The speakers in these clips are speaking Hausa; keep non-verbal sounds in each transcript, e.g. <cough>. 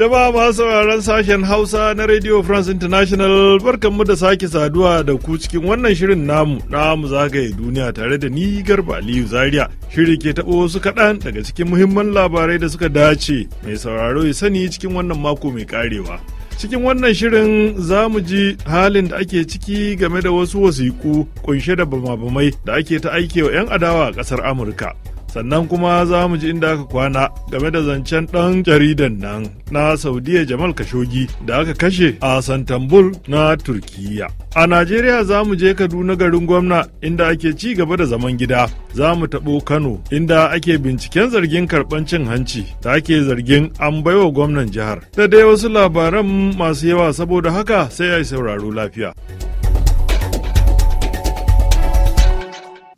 Jama'a masu sauraron sashen Hausa na Radio France International barkanmu da sake saduwa da ku cikin wannan shirin namu namu zagaye duniya tare da ni Garba Aliyu Zaria. Shiri ke taɓa wasu kaɗan daga cikin muhimman labarai da suka dace mai sauraro ya sani cikin wannan mako mai karewa. Cikin wannan shirin za mu ji halin da ake ciki game da wasu wasiƙu kunshe da bama-bamai da ake ta aikewa 'yan adawa a ƙasar Amurka. sannan kuma za mu ji inda aka kwana game da zancen ɗan jaridan nan na saudiya jamal kashogi da aka kashe a santambul na Turkiyya. a najeriya za mu je kaduna garin gwamna inda ake ci gaba da zaman gida za mu taɓo kano inda ake binciken zargin karɓan cin hanci da ake zargin an baiwa gwamnan jihar da dai wasu labaran masu yawa saboda haka sai a yi sauraro lafiya.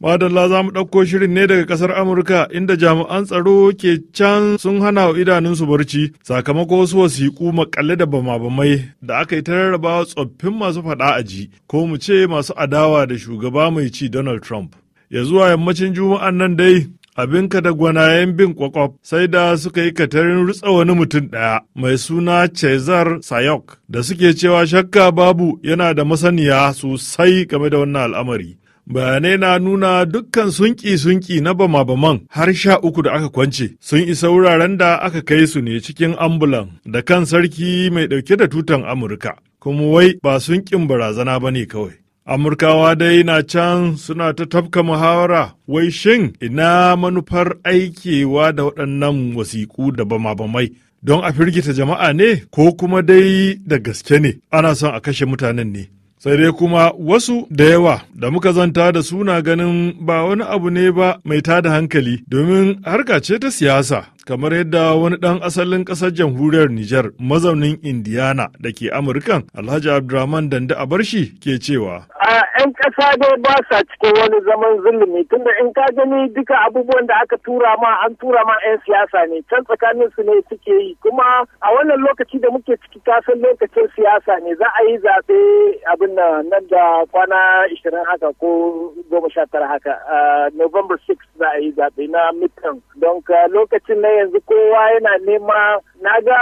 Madalla za mu ɗauko shirin ne daga ƙasar Amurka inda jami'an tsaro ke can sun hana wa idanunsu barci sakamako wasu wasiƙu makalle da bamabamai da aka yi ta rarrabawa tsoffin masu faɗa a ji ko mu ce masu adawa da shugaba mai ci Donald Trump. Ya zuwa yammacin juma'an nan dai abin ka da gwanayen bin kwakwaf sai da suka yi katarin rutsa wani mutum ɗaya mai suna cezar Sayok da suke cewa shakka babu yana da masaniya sosai game da wannan al'amari. bayanai na nuna dukkan sunki-sunki na bama-baman har sha uku da aka kwance sun isa wuraren da aka kai su ne cikin ambulan da kan sarki mai ɗauke da tutan amurka kuma wai ba sunkin barazana ba ne kawai Amurkawa dai na can suna ta tafka muhawara wai shin ina manufar aikewa da waɗannan wasiƙu da bama-bamai don a firgita jama'a ne ko kuma dai da gaske ne ana son a kashe mutanen ne. sai dai kuma wasu da yawa da muka zanta da suna ganin ba wani abu ne ba mai tada hankali domin harka ce ta siyasa kamar yadda wani ɗan asalin ƙasar jamhuriyar Nijar mazaunin Indiana da ke Amurkan Alhaji Abdulrahman Danda shi ke cewa. A 'yan ƙasa dai ba sa cikin wani zaman zulumi tunda in ka gani duka abubuwan da aka tura ma an tura ma 'yan siyasa ne can tsakanin su ne suke yi kuma a wannan lokaci da muke ciki kasan lokacin siyasa ne za a yi zaɓe abin nan nan da kwana 20 haka ko 19 haka November 6 za a yi zaɓe na midterm don lokacin na yanzu kowa yana nema na ga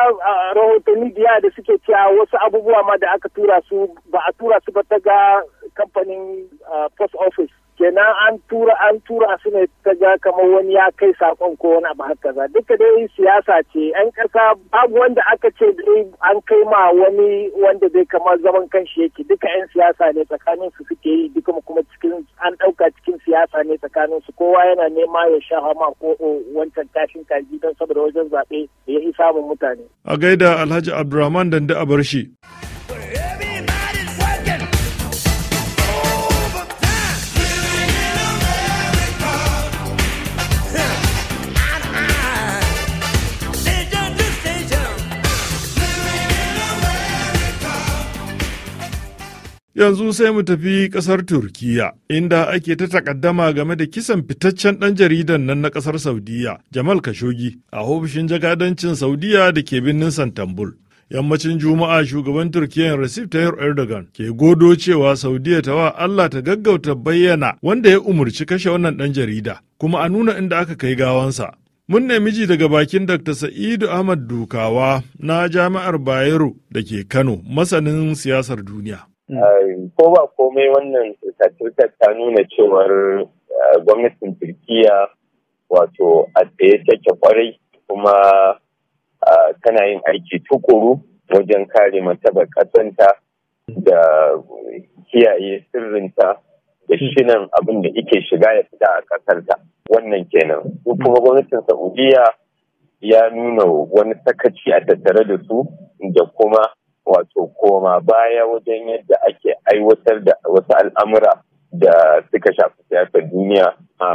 rahotanni biya da suke cewa wasu abubuwa ma da aka tura su ba a tura su ba ta ga kamfanin post office kenan an tura an tura su ne ta ga kamar wani ya kai sakon ko wani abu haka za duka dai siyasa ce yan kasa babu wanda aka ce dai an kai ma wani wanda zai kamar zaman kanshi yake duka yan siyasa ne tsakanin su suke yi duka kuma cikin an dauka cikin siyasa ne tsakanin su kowa yana nema ya sha hama ko wancan tashin kaji don saboda wajen zaɓe ya yi samun mutane. A gaida Alhaji Abdulrahman Dande shi Yanzu sai mu tafi kasar Turkiya, inda ake ta takaddama game da kisan fitaccen ɗan jaridan nan na ƙasar Saudiya, Jamal kashogi a ofishin jagadancin Saudiya da ke birnin Santambul. Yammacin Juma'a shugaban turkiya Recep Tayyip Erdogan ke godo cewa Saudiya ta wa Allah ta gaggauta bayyana wanda ya umurci kashe wannan ɗan jarida, kuma a nuna inda aka kai gawansa. Mun nemi ji daga bakin Dr. Sa'idu Ahmad Dukawa na Jami'ar Bayero da ke Kano, masanin siyasar duniya. Mm. ko ba komai wannan turka ta nuna cewar eh, gwamnatin turkiya wato a tsaye take kwarai kuma eh, tana yin aiki tukuru wajen kare matabar kasanta da kiyaye sirrinta da mm. shinan abin da ike shiga ya fita a kasarta wannan kenan kuma gwamnatin saudiya ya nuna wani sakaci a tattare da su da kuma wato koma baya wajen yadda ake aiwatar da wasu al'amura da suka shafi siyasar duniya a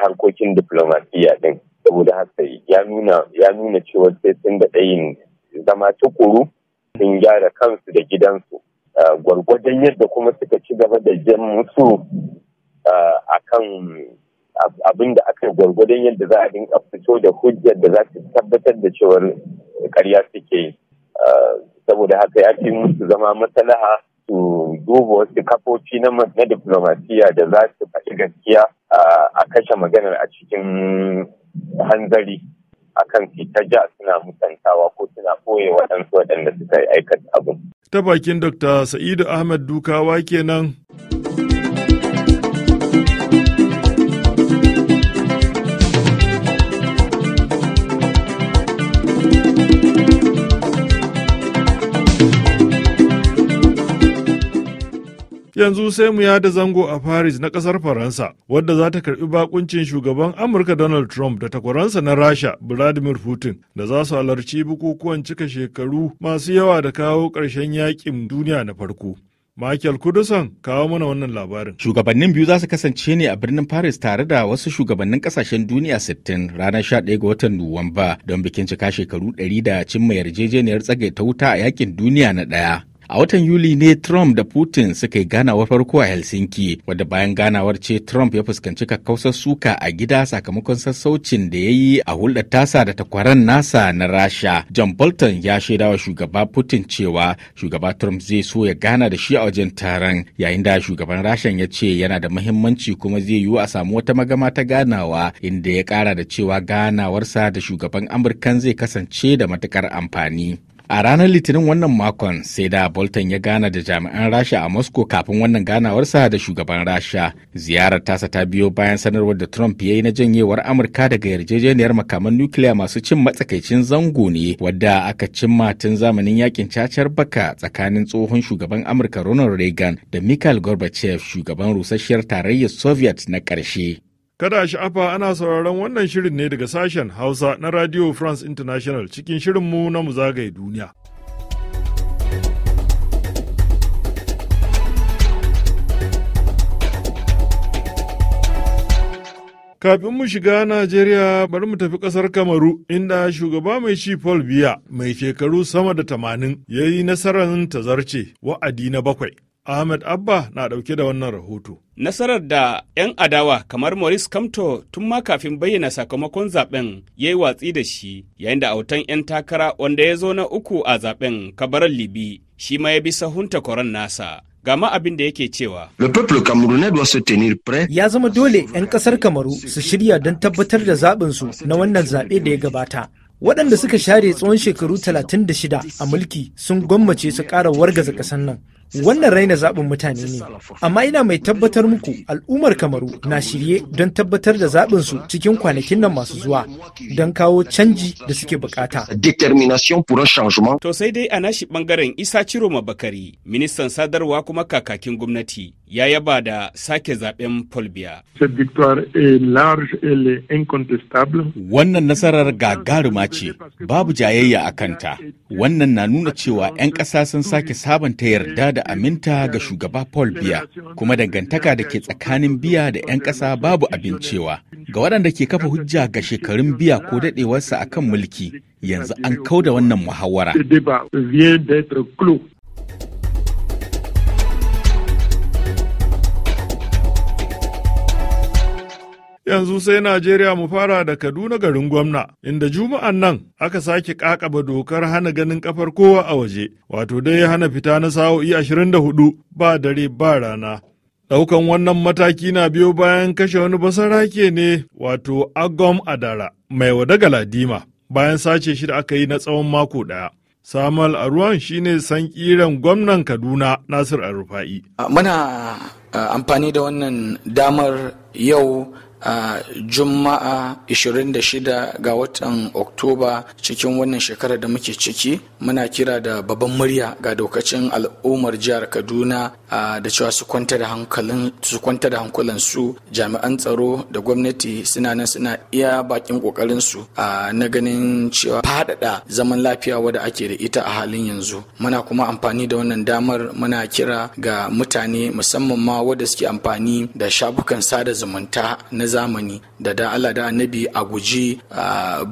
harkokin diplomasiya din saboda haka ya nuna ya nuna cewa sai sun da ɗayin zama tukuru sun gyara kansu da gidansu gwargwadon yadda kuma suka ci gaba da jan musu a kan abin da aka gwargwadon yadda za a dinka fito da hujjar da za su tabbatar da cewar karya suke saboda haka ya ce musu zama maslaha su duba wasu kafofi na diplomasiya da za su faɗi gaskiya a kashe maganar a cikin hanzari akan fita ja suna musantawa ko suna ɓoye waɗansu waɗanda suka yi aikata abin. Ta bakin Dr. Sa'idu Ahmad Dukawa kenan. Yanzu sai mu yada zango a Paris na kasar Faransa, wadda za ta karbi bakuncin shugaban Amurka Donald Trump da takwaransa na Rasha Vladimir Putin da za su halarci bukukuwan cika shekaru masu yawa da kawo ƙarshen yakin duniya na farko. Michael Kudusan kawo mana wannan labarin. Shugabannin biyu za su kasance ne a birnin Paris tare da wasu shugabannin kasashen duniya 60 ranar 11 ga watan Nuwamba don bikin cika shekaru 100 da cimma yarjejeniyar tsagaita wuta a yakin duniya na ɗaya. A watan Yuli ne Trump da Putin suka yi ganawar farko a Helsinki, wadda bayan ganawar ce Trump ya fuskanci kakkausar suka a gida sakamakon sassaucin da ya yi a hulɗar tasa da takwaran nasa na Rasha. John Bolton ya shaidawa shugaba Putin cewa shugaba Trump zai so ya gana da shi a wajen taron, yayin da shugaban Rashan ya ce yana da muhimmanci kuma zai yiwu a samu wata magama ta ganawa, inda ya ƙara da cewa ganawarsa da shugaban Amurkan zai kasance da matukar amfani. A ranar Litinin wannan makon sai da Bolton ya gana da jami'an Rasha a Moscow kafin wannan ganawarsa da shugaban Rasha. Ziyarar tasa ta biyo bayan sanarwar da Trump ya yi na janyewar Amurka daga yarjejeniyar makaman nukiliya masu cin matsakaicin zango ne wadda aka cimma tun zamanin yakin cacar baka tsakanin tsohon shugaban Amurka Ronald Reagan da Mikhail Gorbachev shugaban rusasshiyar tarayyar Soviet na ƙarshe. Kada a sha'afa ana sauraron wannan shirin ne daga sashen Hausa na Radio France International cikin shirin mu na mu zagaye duniya. Kafin mu shiga Najeriya bari mu tafi ƙasar Kamaru inda shugaba mai ci Paul Biya mai shekaru sama da tamanin ya yi nasarar tazarce wa'adi na bakwai Ahmed Abba na ɗauke da wannan rahoto. Nasarar da 'yan adawa kamar Maurice Kamto tun ma kafin bayyana sakamakon zaben ya yi watsi da shi yayin da autan 'yan takara wanda ya zo na uku a zaben kabarar Libi shi ma ya bi sahun takwaron nasa. gama abin da yake cewa. Ya zama dole 'yan kasar Kamaru su shirya don tabbatar da zaɓinsu na wannan zaɓe da ya gabata. Waɗanda suka share tsawon shekaru 36 a mulki sun gwammace su ƙara wargaza ƙasar nan. Wannan raina zaɓin mutane ne, amma ina mai tabbatar muku al'ummar Kamaru na shirye don tabbatar da zaɓin su cikin kwanakin nan masu zuwa don kawo canji da suke bukata. To sai dai a nashi bangaren Isa Ciroma Bakari, ministan sadarwa kuma kakakin gwamnati, ya yaba da sake zaɓen Folbiya. Wannan nasarar gagaruma ce, babu jayayya a kanta. Wannan na nuna cewa 'yan ƙasa sun sake sabanta yarda da da aminta ga shugaba Paul Biya, kuma dangantaka da ke tsakanin Biya da 'yan ƙasa babu abin cewa. Ga waɗanda ke kafa hujja ga shekarun Biya ko daɗewarsa a kan mulki, yanzu an kauda wannan muhawara. Yanzu sai Najeriya mu fara da Kaduna garin gwamna, inda juma'an nan aka sake kakaba dokar hana ganin kafar kowa a waje, wato dai hana fita na sa'o'i hudu ba dare ba rana. Daukan wannan mataki na biyo bayan kashe wani basarake ne wato Agom Adara mai wadagala dima bayan sace shi da aka yi na tsawon mako ɗaya. Samal Aruwan shine san kiran gwamnan Kaduna Nasir Arufa'i. Muna ah, amfani da wannan damar yau a juma'a 26 ga watan oktoba cikin wannan shekarar da muke ciki muna kira da babban murya ga dokacin al'ummar jihar kaduna da cewa su kwanta da hankulansu jami'an tsaro da gwamnati suna nan suna iya bakin kokarinsu na ganin cewa faɗaɗa zaman lafiya wadda ake da ita a halin yanzu muna kuma amfani da wannan damar muna kira ga mutane musamman ma wadda suke amfani da shafukan sada zumunta na zamani da da Allah da annabi a guji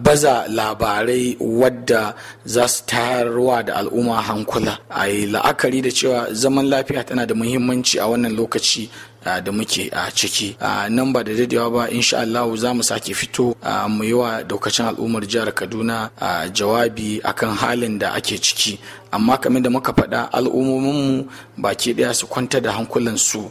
baza labarai wadda za su tayarwa da al'umma hankula a yi la'akari da cewa zaman lafiya tana da muhimmanci a wannan lokaci da muke a ciki nan ba da dadewa ba insha Allah za mu sake fito mu yi wa daukacin al'ummar jihar Kaduna jawabi akan halin da ake ciki amma kamar da muka faɗa al'ummominmu baki ɗaya su kwanta da hankulansu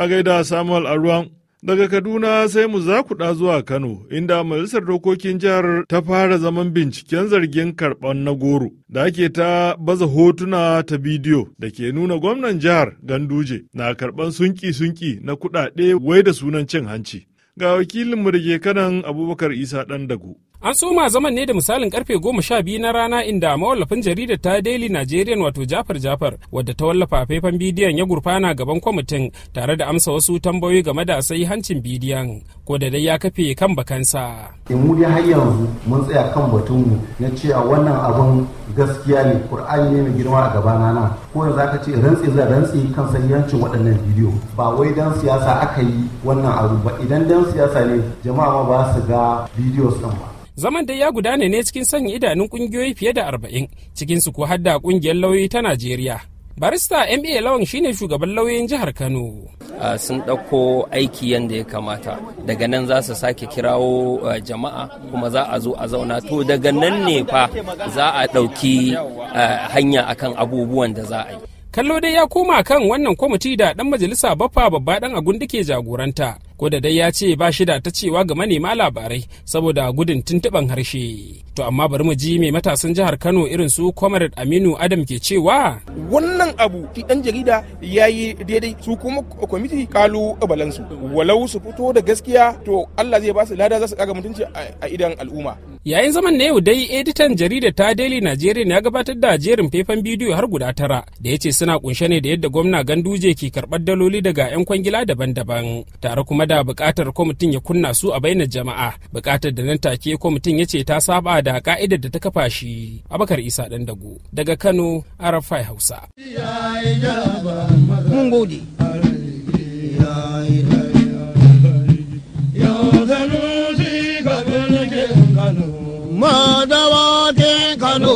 a gaida Samuel Aruwan Daga Kaduna sai mu ɗa zuwa Kano, inda Majalisar Dokokin Jihar ta fara zaman binciken zargin karɓar na goro, da ake ta baza hotuna ta bidiyo da ke nuna gwamnan jihar Ganduje na karɓar sunki-sunki na kuɗaɗe wai da sunan cin hanci. Ga wakilinmu da ke kanan Abubakar Isa ɗan dago. An soma zaman ne da misalin karfe goma sha biyu na rana inda mawallafin jaridar ta Daily Nigerian wato Jafar Jafar wadda ta wallafa faifan bidiyon ya gurfana gaban kwamitin tare da amsa wasu tambayoyi game da sai hancin bidiyon ko da dai ya kafe kan bakansa. In eh, mu har yanzu mun tsaya kan batunmu na cewa wannan abun gaskiya ne Kur'ani ne mai girma a gabana na ko yanzu aka ce rantsi za rantsi kan sahihancin waɗannan bidiyo ba wai dan siyasa aka yi wannan abu ba idan dan siyasa ne jama'a ma ba su ga bidiyo sun ba. zaman dai ya gudana ne cikin sanya idanun kungiyoyi fiye da arba'in cikin su ko hadda kungiyar lauyoyi ta najeriya barista ma lawan shine shugaban lauyoyin jihar kano sun ɗauko aiki yadda ya kamata daga nan za su sake kirawo jama'a kuma za a zo a zauna to daga nan ne fa za a ɗauki hanya akan abubuwan da za a yi kallo dai ya koma kan wannan kwamiti da ɗan majalisa bafa babba ɗan agun da ke jagoranta ko da dai ya ce ba shi da ta cewa ga manema labarai saboda gudun tuntuɓan harshe to amma bari mu ji mai matasan jihar kano irin su comrade aminu adam ke cewa wannan abu ki dan jarida ya yi daidai su kuma kwamiti kalu balansu walau su fito da gaskiya to allah zai ba su lada za su kaga mutunci a idan al'umma yayin zaman na yau dai editan jaridar ta daily nigerian ya gabatar da jerin faifan bidiyo har guda tara da ya ce suna kunshe ne da yadda gwamna ganduje ke karbar daloli daga 'yan kwangila daban-daban tare kuma da buƙatar kwamitin ya kunna su a bainar jama'a buƙatar da nan take kwamitin ya ce ta saba da ka'idar da ta kafa shi abakar isa ɗan dago daga kano arafai hausa mun gode madawa kano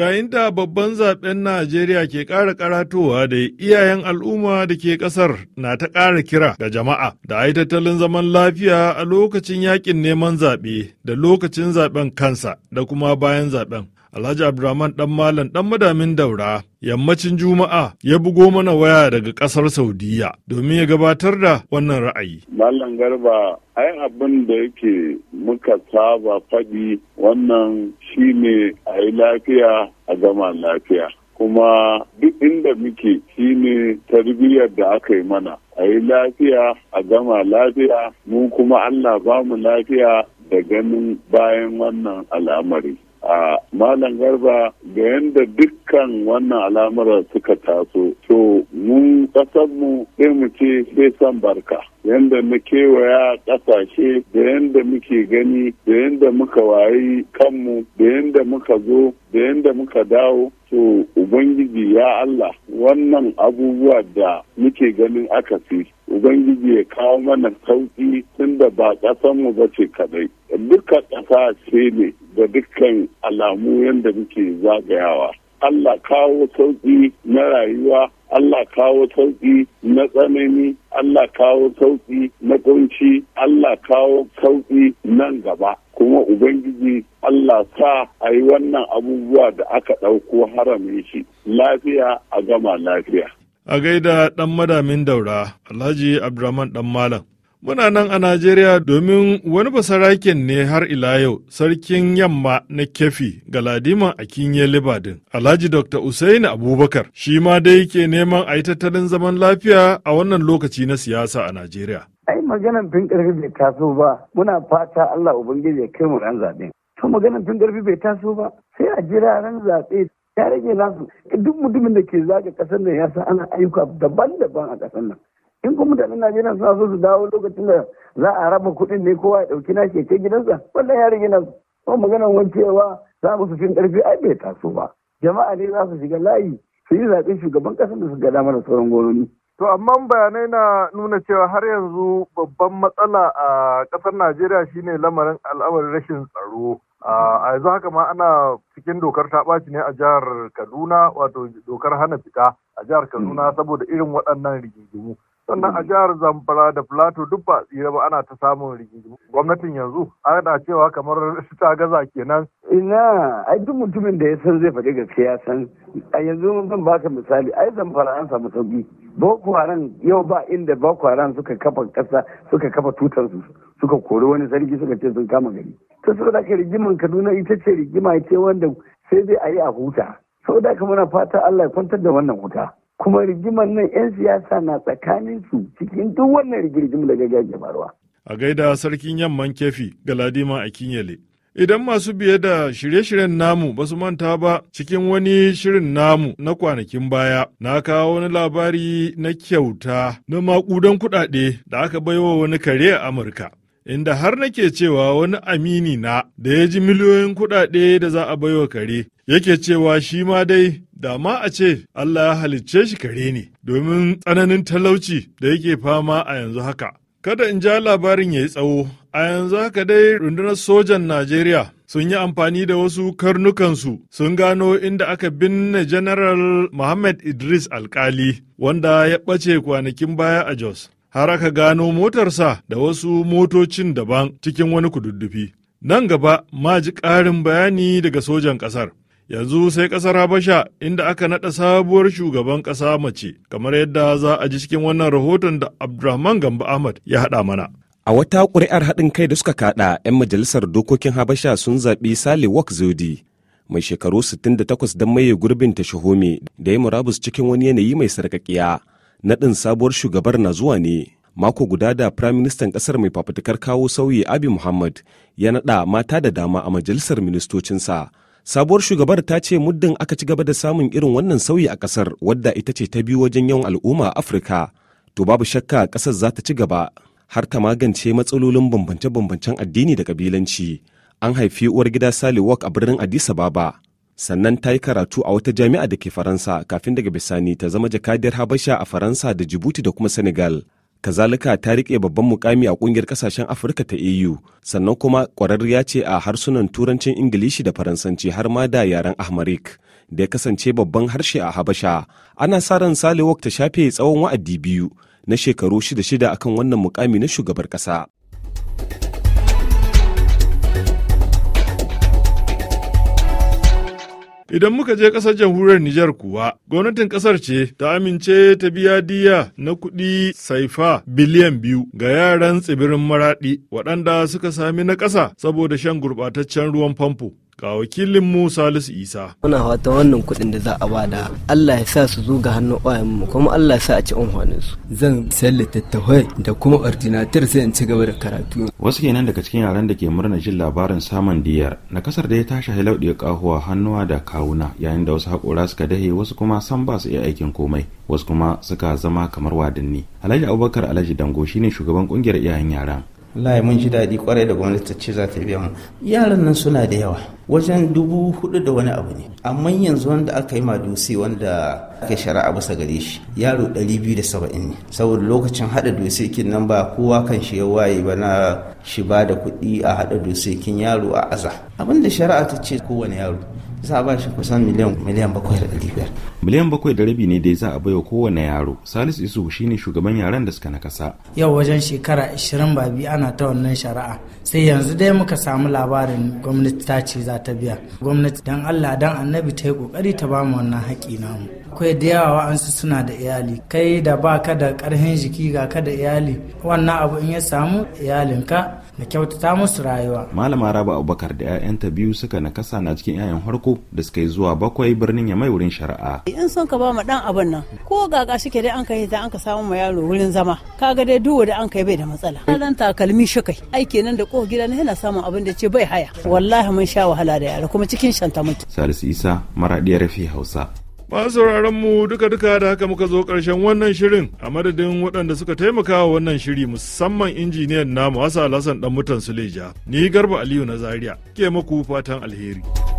Yayin da babban zaben Najeriya ke ƙara karatowa da iyayen al'umma da ke ƙasar na ta ƙara kira ga jama'a da ayi tattalin zaman lafiya a lokacin yakin neman zaɓe da lokacin zaben kansa da kuma bayan zaben. Alhaji Abdurrahman dan Malam dan madamin daura yammacin Juma'a ya bugo mana waya daga ƙasar Saudiya domin ya gabatar da wannan ra'ayi. Malam Garba ai abin da yake muka saba faɗi wannan shine a yi lafiya a gama lafiya. Kuma duk inda muke shine tarbiyyar da aka yi mana. A yi lafiya a gama lafiya mu kuma Allah ba mu lafiya da ganin bayan wannan al'amari. a malam garba ga yadda dukkan wannan al'amura suka taso to mu mu sai mu ce sai san barka yadda na kewaya ƙasashe da yadda muke gani da yadda muka wayi kanmu da yadda muka zo da yadda muka dawo to ubangiji ya allah wannan abubuwa da muke ganin aka fi ubangiji ya kawo mana sauƙi tunda ba mu ba ce kaɗai duka ƙasa ce ne ga dukkan alamu yadda muke zagayawa. Allah kawo sauƙi na rayuwa, Allah kawo sauƙi na tsanani, Allah kawo sauƙi na ƙunci Allah kawo sauƙi nan gaba. Kuma Ubangiji Allah sa a yi wannan abubuwa da aka ɗauko haramin shi, lafiya a gama lafiya. A gaida ɗan madamin daura, Alhaji Abdurrahman ɗan Malam. Muna nan a Najeriya domin wani basaraken ne har ila yau sarkin yamma na kefi galadima a kinye libadin Alhaji Dr. Usaini Abubakar shi ma dai yake neman a yi tattalin zaman lafiya a wannan lokaci na siyasa a Najeriya. Ai maganan fin karfi bai taso ba muna fata Allah Ubangiji ya kai mu ran zaɓe. To maganan fin karfi bai taso ba sai a jira ran zaɓe ya rage nasu duk mutumin da ke zaga ƙasar nan ya san ana ayyuka daban-daban a ƙasar nan. in kuma mutanen najeriya suna so su dawo lokacin da za a raba kuɗin ne kowa ya ɗauki na keke gidansa wannan ya rage nan kuma magana cewa za mu su fin ƙarfi ai bai taso ba jama'a ne za su shiga layi su yi zaɓen shugaban ƙasar da su ga damar sauran gononi. To amma bayanai na nuna cewa har yanzu babban matsala a ƙasar Najeriya shine lamarin al'amarin rashin tsaro. A yanzu haka ma ana cikin dokar ta ɓaci ne a jihar Kaduna wato dokar hana fita a jihar Kaduna hmm. saboda irin waɗannan rigingimu. sannan a jihar zamfara da plateau duk ba tsira ba ana ta samun rigingimu gwamnatin yanzu ana cewa kamar <laughs> ta gaza kenan ina ai duk mutumin da ya san zai faɗi gaskiya san a yanzu zan baka misali ai zamfara an samu sauki boko haram yau ba inda boko haram suka kafa ƙasa suka kafa tutar su suka kori wani sarki suka ce sun kama gari Ta saboda ka rigiman kaduna ita ce rigima ce wanda sai zai a yi a huta saboda ka muna fata allah ya kwantar da wannan huta kuma rigimar nan 'yan siyasa na tsakanin su cikin duk wannan rigirgim da gaggage faruwa. A gaida sarkin yamman kefi Galadima a Kinyale. Idan masu biye da shirye-shiryen namu ba su manta ba cikin wani shirin namu na kwanakin baya, na kawo wani labari na kyauta na makudan kuɗaɗe da aka baiwa wani kare a Amurka. Inda har nake cewa wani amini na da ya ji miliyoyin kuɗaɗe da za a baiwa kare, yake cewa shi ma dai da ma a ce Allah ya halicce shi kare ne domin tsananin talauci da yake fama a yanzu haka. Kada in ja labarin ya yi tsawo, a yanzu haka dai rundunar sojan Najeriya sun yi amfani da wasu karnukansu sun gano inda aka binne General Muhammad Idris Alkali wanda ya ɓace kwanakin baya a Jos. Har aka gano motarsa da wasu motocin daban cikin wani kududdufi. Nan gaba ma ji ƙarin bayani daga sojan ƙasar. Yanzu sai ƙasar Habasha inda aka naɗa sabuwar shugaban ƙasa mace, kamar yadda za a ji cikin wannan rahoton da Abdulrahman Gambo Ahmad ya haɗa mana. A wata ƙuri'ar haɗin kai da suka kaɗa, 'yan majalisar dokokin Habasha sun zaɓi Sale Wak Zodi, mai shekaru 68 don maye gurbin ta shahome da ya murabus cikin wani yanayi mai sarƙaƙiya. Naɗin sabuwar shugabar na zuwa ne. Mako guda da Firayim Ministan ƙasar mai fafutukar kawo sauyi Abi Muhammad ya naɗa mata da dama a majalisar ministocinsa sabuwar shugabar ta ce muddin aka ci gaba da samun irin wannan sauyi a kasar wadda ita ce ta biyu wajen yawan al'umma a afirka to babu shakka kasar za ta ci gaba har ta magance matsalolin bambance-bambancen addini da kabilanci an haifi uwar gida sally walk a birnin addis ababa sannan ta yi karatu a wata jami'a da ke faransa kafin daga bisani ta zama jakadiyar habasha a faransa da jibuti da kuma senegal kazalika ta rike babban mukami a ƙungiyar ƙasashen afirka ta au sannan kuma ƙwararriya ce a harsunan turancin ingilishi da faransanci har ma da yaren ahmarik da ya kasance babban harshe a habasha ana sa ran salewok ta shafe tsawon wa'adi biyu na shekaru shida shida akan wannan mukami na shugabar ƙasa. Idan muka je ƙasar jamhuriyar Nijar kuwa, gwamnatin ƙasar ce ta amince ta biya diya na kuɗi saifa biliyan biyu ga yaran tsibirin maraɗi waɗanda suka sami na ƙasa saboda shan gurɓataccen ruwan famfo. Ga wakilin mu Salisu Isa. Muna fata wannan kuɗin da za a bada Allah ya sa su zo ga hannun ƙwayan mu kuma Allah ya sa a ci amfanin su. Zan sayar littattafai da kuma ordinatar sai in ci gaba da karatu. Wasu kenan daga cikin yaran da ke murna jin labarin samun diyar na kasar da ya tashi halau da kahuwa hannuwa da kawuna yayin da wasu haƙora suka dahe wasu kuma san ba su iya aikin komai wasu kuma suka zama kamar wadanni. Alhaji Abubakar Alhaji Dango shine shugaban kungiyar iyayen yaran. wallahi mun ji daɗi kwarai da gwamnati ta ce za ta biya mu yaran nan suna da yawa wajen dubu hudu da wani abu ne amma yanzu wanda aka yi ma madusi wanda aka shari'a bisa gare shi yaro ɗari biyu da saba'in ne saboda lokacin haɗa kin nan ba kowa kan shi waye ba na shi ba da kuɗi a haɗa kin yaro a aza abinda shari'a ta ce kowane yaro za a ba shi kusan miliyan miliyan bakwai da ɗari biyar. Miliyan bakwai da rabi ne dai za a baiwa kowane yaro. Salisu Isu shine shugaban yaran da suka nakasa. Yau wajen shekara ashirin ba biyu ana ta wannan shari'a. Sai yanzu dai muka samu labarin gwamnati ta ce za ta biya. Gwamnati dan Allah dan annabi ta yi kokari ta bamu wannan haƙi namu. Akwai da yawa wa'ansu suna da iyali. Kai da ba ka da ƙarfin jiki ga ka da iyali. Wannan abu in ya samu iyalinka da kyautata musu rayuwa. Malama Rabu Abubakar da 'ya'yanta biyu suka nakasa na cikin 'ya'yan harko da suka yi zuwa bakwai birnin ya mai wurin shari'a. In son ka ba ma dan abin nan ko gaga ke dai an kai ta an ka samu ma yaro wurin zama kaga dai duwa da an kai bai da matsala. Dan takalmi shakai ai nan da kowa gida yana samun abin da ce bai haya wallahi mun sha wahala da yara kuma cikin shanta muke. Salisu Isa Maraɗiya Rafi Hausa. Masu mu duka-duka da haka muka zo ƙarshen wannan shirin a madadin waɗanda suka taimaka wa wannan shiri musamman injiniyan namu Hassan Hassan ɗan mutan Suleja. Ni Garba Aliyu na Zaria ke muku fatan alheri.